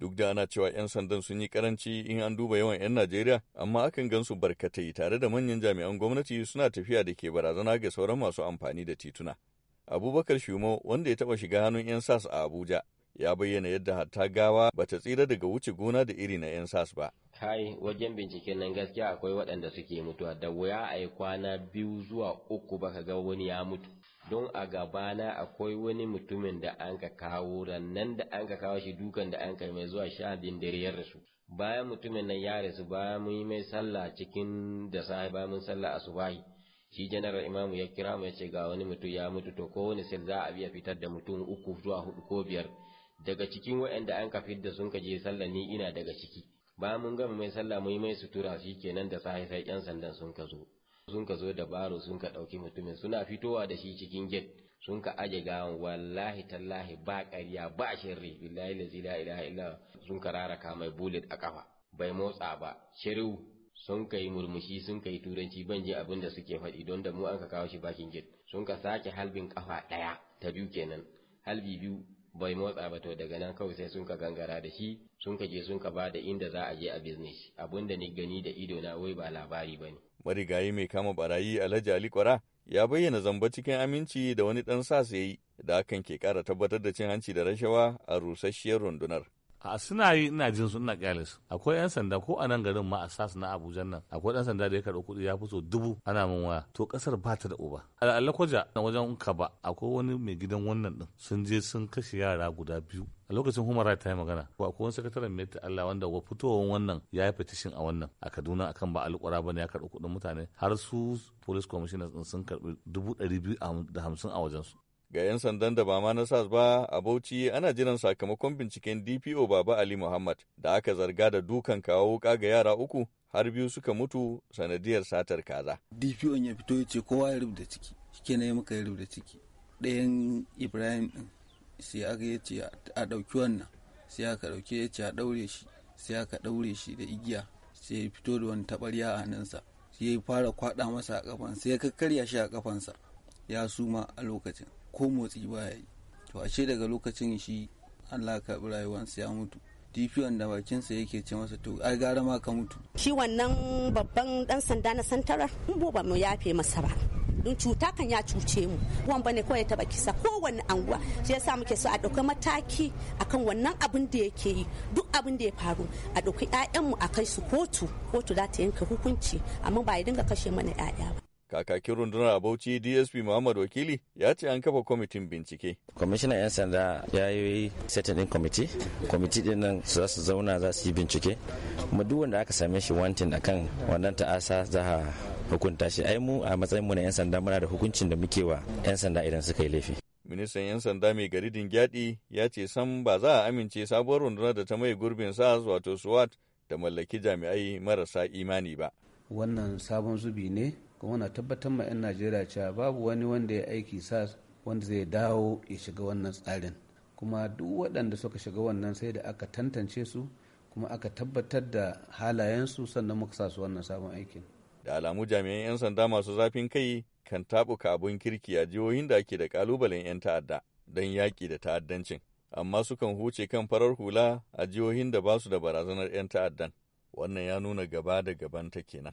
duk da ana cewa 'yan sandan sun yi karanci in an duba yawan 'yan Najeriya, amma akan gansu barkatai tare da manyan jami'an gwamnati suna tafiya da ke barazana ga sauran masu amfani da tituna. Abubakar Shumo, wanda ya taɓa shiga hannun 'yan SAS a Abuja, ya bayyana yadda hatta gawa bata tsira daga wuce gona da iri na 'yan SAS ba. kai wajen binciken nan gaskiya akwai waɗanda suke mutuwa da wuya a yi kwana biyu zuwa uku baka ga wani ya mutu don a gabana akwai wani mutumin da an ka kawo rannan da an ka kawo shi dukan da an kai mai zuwa sha biyun dare ya rasu bayan mutumin nan ya rasu bayan mun yi mai sallah cikin da sahi bayan mun sallah asubahi shi janaral imamu ya kira mu ya ce ga wani mutum ya mutu to ko wani sir za a biya fitar da mutum uku zuwa hudu ko biyar daga cikin waɗanda an ka da sun ka je sallah ni ina daga ciki Ba mun gama mai sallah mun yi mai sutura shi kenan da sai sai yan sandan sun ka zo sun ka zo da baro sun ka ɗauki mutumin suna fitowa da shi cikin gate sun ka aje gawan wallahi tallahi ba ƙarya ba shirri billahi la ilaha illa sun ka raraka mai bullet a kafa bai motsa ba shiru sun ka yi murmushi sun ka yi turanci ban ji abin da suke faɗi don da mu an ka kawo shi bakin get sun ka sake halbin kafa ɗaya ta biyu kenan halbi biyu bai motsa ba to daga nan kawai sai sun ka gangara da shi sun ka je sun ka ba da inda za a je a business abun da ni gani da ido na wai ba labari ba ne. Marigayi mai kama barayi Alhaji Ali Kwara ya bayyana zamba cikin aminci da wani dan sa da hakan ke ƙara tabbatar da cin hanci da rashawa a rusasshiyar rundunar. a suna yi ina jin su ina kyale su akwai yan sanda ko a nan garin ma a sas na abuja nan akwai dan sanda da ya karɓi kuɗi ya fi so dubu ana min waya to kasar ba ta da uba al'alla kwaja na wajen kaba akwai wani mai gidan wannan din sun je sun kashe yara guda biyu a lokacin human ta yi magana ko akwai wani sakataren mai Allah wanda wa fitowar wannan ya yi fetishin a wannan a Kaduna akan ba alƙura ne ya karɓi kuɗin mutane har su police commissioners sun karɓi dubu ɗari biyu da hamsin a wajen su. Ga 'yan sandan da ba ma na SAS ba a Bauchi ana jiran sakamakon binciken DPO Baba Ali Muhammad da aka zarga da dukan kawo wuka ga yara uku har biyu suka mutu sanadiyar satar kaza. DPO ya fito ya ce kowa ya rubuta ciki, shi ya muka ya rubuta ciki. Ɗayan Ibrahim ɗin sai aka ya ce a ɗauki wannan, sai aka ɗauke ya ce a ɗaure shi, sai aka ɗaure shi da igiya, sai ya fito da wani taɓarya a hannunsa. Sai ya fara kwaɗa masa a kafan, sai ya kakkarya shi a kafansa. Ya suma a lokacin. ko motsi ba ya yi to ashe daga lokacin shi Allah ka karɓi rayuwarsa ya mutu DP wanda bakinsa yake ce masa to ai gara ma ka mutu shi wannan babban dan sanda na santara bo ba mu yafe masa ba don cuta kan ya cuce mu wan bane kawai taba kisa ko kowanne anguwa shi yasa muke so a dauki mataki akan wannan abin da yake yi duk abin da ya faru a dauki ƴaƴan mu a kai su kotu kotu za ta yanka hukunci amma ba ya dinga kashe mana ƴaƴa ba kakakin rundunar a Bauchi DSP Muhammad Wakili ya ce an kafa kwamitin bincike. Kwamishinan 'yan sanda ya yi setin din kwamiti, kwamiti din nan za su zauna za su yi bincike. kuma duk wanda aka same shi wantin a kan wannan ta'asa za a hukunta shi. Ai mu a matsayin mu na 'yan sanda muna da hukuncin da muke wa 'yan sanda idan suka yi laifi. ministan 'yan sanda mai garidin gyadi ya ce san ba za a amince sabuwar rundunar da ta mai gurbin sa wato swat ta mallaki jami'ai marasa imani ba wannan sabon zubi ne kuma na tabbatar ma 'yan najeriya cewa babu wani wanda ya aiki sa wanda zai dawo ya shiga wannan tsarin kuma duk waɗanda suka shiga wannan sai da aka tantance su kuma aka tabbatar da halayensu sannan muka sa su wannan sabon aikin da alamu jami'an 'yan sanda masu zafin kai kan taɓuka abun kirki a jihohin da ake da kalubalen 'yan ta'adda don yaƙi da ta'addancin amma sukan huce kan farar hula a jihohin da ba su da barazanar 'yan ta'addan wannan ya nuna gaba da gaban ta kenan